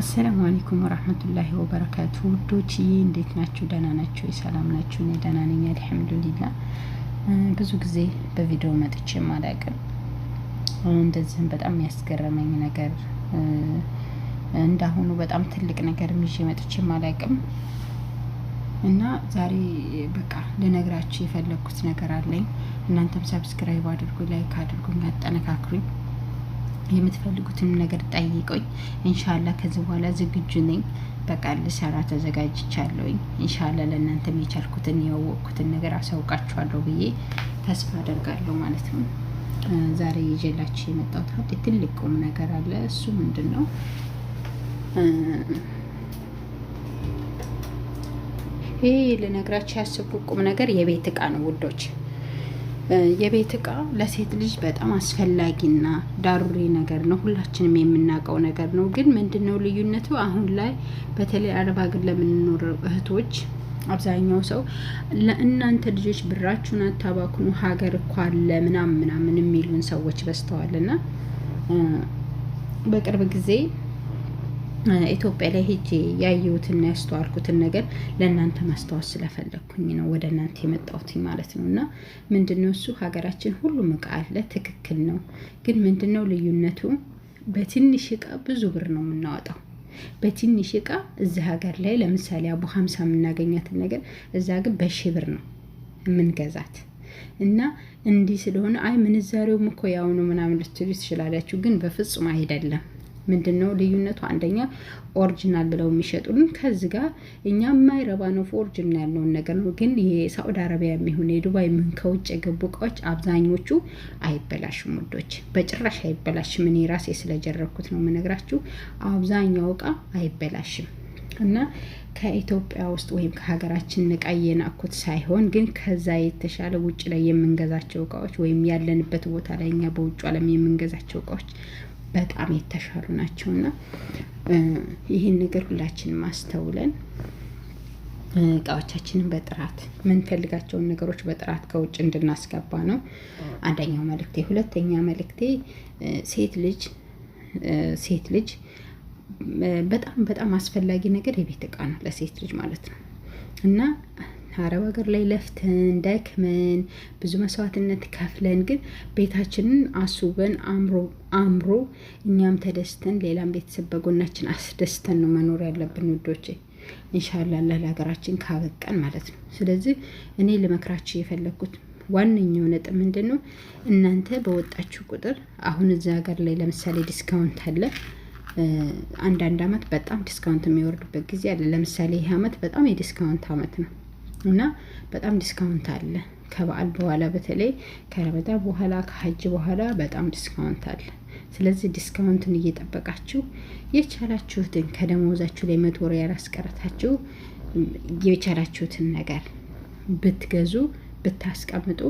አሰላሙ አለይኩም ወራህመቱላሂ ወበረካቱ። ውዶችዬ እንዴት ናችሁ? ደህና ናችሁ? ሰላም ናችሁ? እኔ ደህና ነኝ አልሐምዱሊላ። ብዙ ጊዜ በቪዲዮ መጥቼ አላውቅም። እንደዚህም በጣም ያስገረመኝ ነገር እንዳሁኑ በጣም ትልቅ ነገር ይዤ መጥቼ አላውቅም እና ዛሬ በቃ ልነግራችሁ የፈለግኩት ነገር አለኝ። እናንተም ሰብስክራይብ አድርጉ፣ ላይክ አድርጉኝ፣ አጠነካክሩኝ የምትፈልጉትን ነገር ጠይቀኝ እንሻላ ከዚህ በኋላ ዝግጁ ነኝ። በቃ ልሰራ ተዘጋጅቻለሁኝ። እንሻላ ለእናንተም የቻልኩትን ያወቅኩትን ነገር አሳውቃችኋለሁ ብዬ ተስፋ አደርጋለሁ ማለት ነው። ዛሬ ይዤላችሁ የመጣሁት ሀብት ትልቅ ቁም ነገር አለ። እሱ ምንድን ነው? ይህ ልነግራችሁ ያሰብኩት ቁም ነገር የቤት እቃ ነው ውዶች የቤት እቃ ለሴት ልጅ በጣም አስፈላጊና ዳሩሪ ነገር ነው። ሁላችንም የምናውቀው ነገር ነው። ግን ምንድን ነው ልዩነቱ? አሁን ላይ በተለይ አረብ አገር ለምንኖር እህቶች አብዛኛው ሰው ለእናንተ ልጆች ብራችሁን አታባክኑ፣ ሀገር እኮ አለ ምናምን ምናምን የሚሉን ሰዎች በዝተዋል እና በቅርብ ጊዜ ኢትዮጵያ ላይ ሄጄ ያየሁትና ያስተዋልኩትን ነገር ለእናንተ ማስታወስ ስለፈለግኩኝ ነው ወደ እናንተ የመጣሁትኝ ማለት ነው። እና ምንድነው እሱ ሀገራችን ሁሉም እቃ አለ፣ ትክክል ነው። ግን ምንድነው ልዩነቱ? በትንሽ እቃ ብዙ ብር ነው የምናወጣው። በትንሽ እቃ እዚህ ሀገር ላይ ለምሳሌ አቡ ሀምሳ የምናገኛትን ነገር እዛ ግን በሺ ብር ነው የምንገዛት እና እንዲህ ስለሆነ አይ ምንዛሬውም እኮ ያው ነው ምናምን ልትሉ ትችላላችሁ፣ ግን በፍጹም አይደለም። ምንድን ነው ልዩነቱ? አንደኛ ኦሪጂናል ብለው የሚሸጡልን ከዚህ ጋር እኛ የማይረባ ነው ፎርጅና ያለውን ነገር ነው። ግን የሳዑዲ አረቢያ የሚሆን የዱባይ ምን ከውጭ የገቡ እቃዎች አብዛኞቹ አይበላሽም ውዶች፣ በጭራሽ አይበላሽም። እኔ ራሴ ስለጀረኩት ነው የምነግራችሁ። አብዛኛው እቃ አይበላሽም እና ከኢትዮጵያ ውስጥ ወይም ከሀገራችን እቃ የናኩት ሳይሆን ግን ከዛ የተሻለ ውጭ ላይ የምንገዛቸው እቃዎች ወይም ያለንበት ቦታ ላይ እኛ በውጭ ዓለም የምንገዛቸው እቃዎች በጣም የተሻሉ ናቸው እና ይህን ነገር ሁላችንም አስተውለን እቃዎቻችንን በጥራት የምንፈልጋቸውን ነገሮች በጥራት ከውጭ እንድናስገባ ነው አንደኛው መልእክቴ። ሁለተኛ መልእክቴ ሴት ልጅ ሴት ልጅ በጣም በጣም አስፈላጊ ነገር የቤት እቃ ነው ለሴት ልጅ ማለት ነው እና አረብ ሀገር ላይ ለፍተን ደክመን ብዙ መስዋዕትነት ከፍለን ግን ቤታችንን አስውበን አምሮ አምሮ እኛም ተደስተን ሌላም ቤተሰብ በጎናችን አስደስተን ነው መኖር ያለብን ውዶቼ። ኢንሻላ ለሀገራችን ካበቃን ማለት ነው። ስለዚህ እኔ ልመክራችሁ የፈለግኩት ዋነኛው ነጥብ ምንድን ነው? እናንተ በወጣችሁ ቁጥር አሁን እዚ ሀገር ላይ ለምሳሌ ዲስካውንት አለ። አንዳንድ አመት በጣም ዲስካውንት የሚወርድበት ጊዜ አለ። ለምሳሌ ይህ አመት በጣም የዲስካውንት አመት ነው። እና በጣም ዲስካውንት አለ። ከበዓል በኋላ በተለይ ከረመዳን በኋላ ከሀጅ በኋላ በጣም ዲስካውንት አለ። ስለዚህ ዲስካውንትን እየጠበቃችሁ የቻላችሁትን ከደሞዛችሁ ላይ መቶ ወር ያላስቀረታችሁ የቻላችሁትን ነገር ብትገዙ ብታስቀምጡ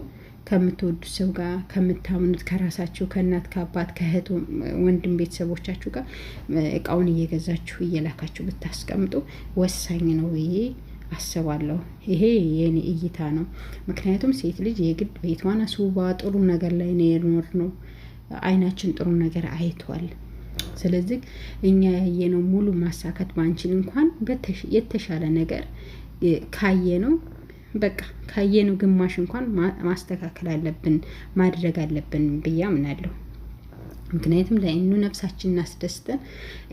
ከምትወዱት ሰው ጋር ከምታምኑት ከራሳችሁ ከእናት ከአባት ከእህት ወንድም ቤተሰቦቻችሁ ጋር እቃውን እየገዛችሁ እየላካችሁ ብታስቀምጡ ወሳኝ ነው ይሄ። አስባለሁ። ይሄ የኔ እይታ ነው። ምክንያቱም ሴት ልጅ የግድ ቤቷን አስውባ ጥሩ ነገር ላይ ነው የኖር ነው። አይናችን ጥሩ ነገር አይቷል። ስለዚህ እኛ ያየነው ሙሉ ማሳካት ባንችል እንኳን የተሻለ ነገር ካየ ነው በቃ ነው ግማሽ እንኳን ማስተካከል አለብን ማድረግ አለብን ብዬ አምናለሁ። ምክንያቱም ለአይኑ ነፍሳችን እናስደስተን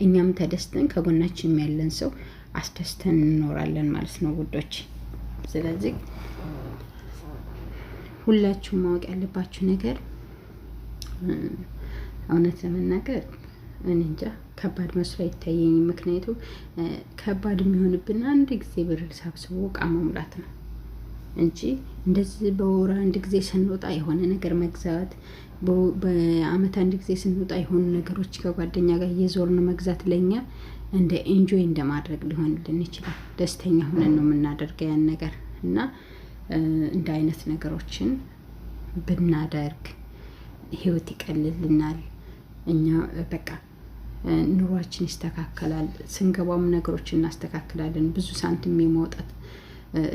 እኛም ተደስተን ከጎናችን ያለን ሰው አስደስተን እንኖራለን ማለት ነው ውዶች። ስለዚህ ሁላችሁም ማወቅ ያለባችሁ ነገር እውነት ለመናገር እኔ እንጃ ከባድ መስሎ አይታየኝም። ምክንያቱም ከባድ የሚሆንብን አንድ ጊዜ ብር ሰብስቦ እቃ መሙላት ነው እንጂ እንደዚህ በወር አንድ ጊዜ ስንወጣ የሆነ ነገር መግዛት፣ በአመት አንድ ጊዜ ስንወጣ የሆኑ ነገሮች ከጓደኛ ጋር እየዞርን መግዛት ለኛ እንደ ኤንጆይ እንደማድረግ ሊሆንልን ይችላል። ደስተኛ ሆነን ነው የምናደርገው ያን ነገር እና እንደ አይነት ነገሮችን ብናደርግ ህይወት ይቀልልናል። እኛ በቃ ኑሯችን ይስተካከላል። ስንገባም ነገሮችን እናስተካክላለን። ብዙ ሳንቲም የማውጣት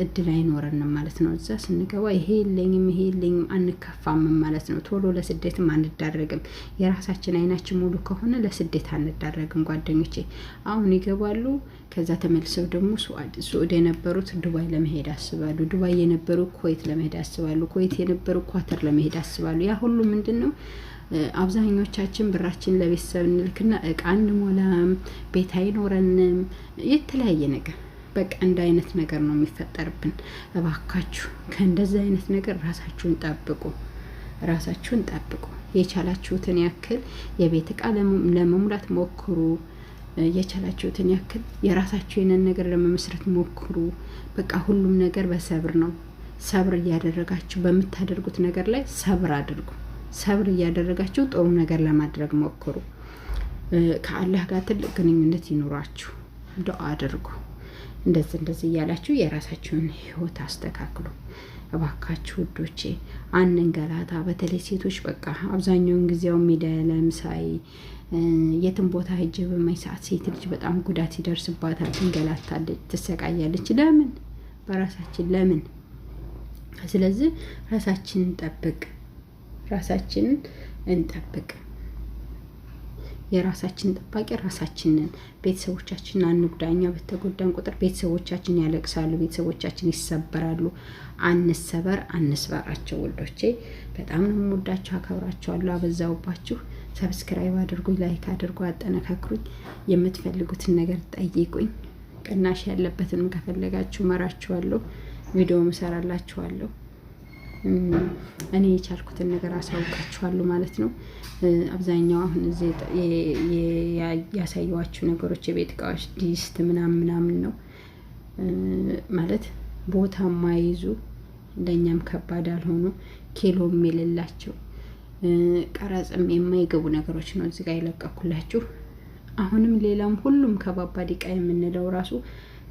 እድል አይኖረንም ማለት ነው። እዛ ስንገባ ይሄ የለኝም ይሄ የለኝም አንከፋም ማለት ነው። ቶሎ ለስደትም አንዳረግም። የራሳችን አይናችን ሙሉ ከሆነ ለስደት አንዳረግም። ጓደኞቼ አሁን ይገባሉ። ከዛ ተመልሰው ደግሞ ሱዑድ የነበሩት ዱባይ ለመሄድ አስባሉ። ዱባይ የነበሩ ኩዌት ለመሄድ አስባሉ። ኩዌት የነበሩ ኳተር ለመሄድ አስባሉ። ያ ሁሉ ምንድን ነው? አብዛኞቻችን ብራችን ለቤተሰብ እንልክና እቃ አንሞላም፣ ቤት አይኖረንም፣ የተለያየ ነገር በቃ እንደ አይነት ነገር ነው የሚፈጠርብን። እባካችሁ ከእንደዚህ አይነት ነገር ራሳችሁን ጠብቁ፣ ራሳችሁን ጠብቁ። የቻላችሁትን ያክል የቤት እቃ ለመሙላት ሞክሩ። የቻላችሁትን ያክል የራሳችሁንን ነገር ለመመስረት ሞክሩ። በቃ ሁሉም ነገር በሰብር ነው። ሰብር እያደረጋችሁ በምታደርጉት ነገር ላይ ሰብር አድርጉ። ሰብር እያደረጋችሁ ጥሩ ነገር ለማድረግ ሞክሩ። ከአላህ ጋር ትልቅ ግንኙነት ይኑራችሁ። ዱአ አድርጉ። እንደዚህ እንደዚህ እያላችሁ የራሳችሁን ህይወት አስተካክሉ እባካችሁ ውዶቼ። አንንገላታ። በተለይ ሴቶች በቃ አብዛኛውን ጊዜው ሜዳ ለምሳይ የትም ቦታ ሂጅ በማይ ሰዓት ሴት ልጅ በጣም ጉዳት ይደርስባታል፣ ትንገላታለች፣ ትሰቃያለች። ለምን በራሳችን ለምን? ስለዚህ ራሳችንን እንጠብቅ፣ ራሳችንን እንጠብቅ። የራሳችን ጠባቂ ራሳችንን ቤተሰቦቻችን አንጉዳኛ እኛ በተጎዳን ቁጥር ቤተሰቦቻችን ያለቅሳሉ፣ ቤተሰቦቻችን ይሰበራሉ። አንሰበር፣ አንስበራቸው። ወልዶቼ በጣም ነው የምወዳችሁ፣ አከብራችኋለሁ። አበዛውባችሁ። ሰብስክራይብ አድርጉኝ፣ ላይክ አድርጉ፣ አጠነካክሩኝ። የምትፈልጉትን ነገር ጠይቁኝ። ቅናሽ ያለበትንም ከፈለጋችሁ መራችኋለሁ፣ ቪዲዮም እሰራላችኋለሁ። እኔ የቻልኩትን ነገር አሳውቃችኋለሁ ማለት ነው። አብዛኛው አሁን እዚህ ያሳየዋችሁ ነገሮች የቤት እቃዎች ዲስት ምናምን ምናምን ነው ማለት ቦታ ማይዙ ለእኛም ከባድ አልሆኑ ኬሎም የሌላቸው ቀረጽም የማይገቡ ነገሮች ነው እዚጋ የለቀኩላችሁ። አሁንም ሌላም ሁሉም ከባባድ እቃ የምንለው ራሱ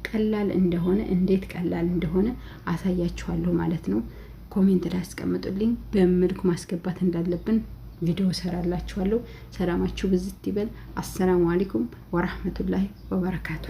ቀላል እንደሆነ እንዴት ቀላል እንደሆነ አሳያችኋለሁ ማለት ነው። ኮሜንት ላይ አስቀምጡልኝ በምን ማስገባት እንዳለብን ቪዲዮ ሰራላችኋለሁ። ሰላማችሁ ብዝት ይበል። አሰላሙ አለይኩም ወራህመቱላሂ ወበረካቱ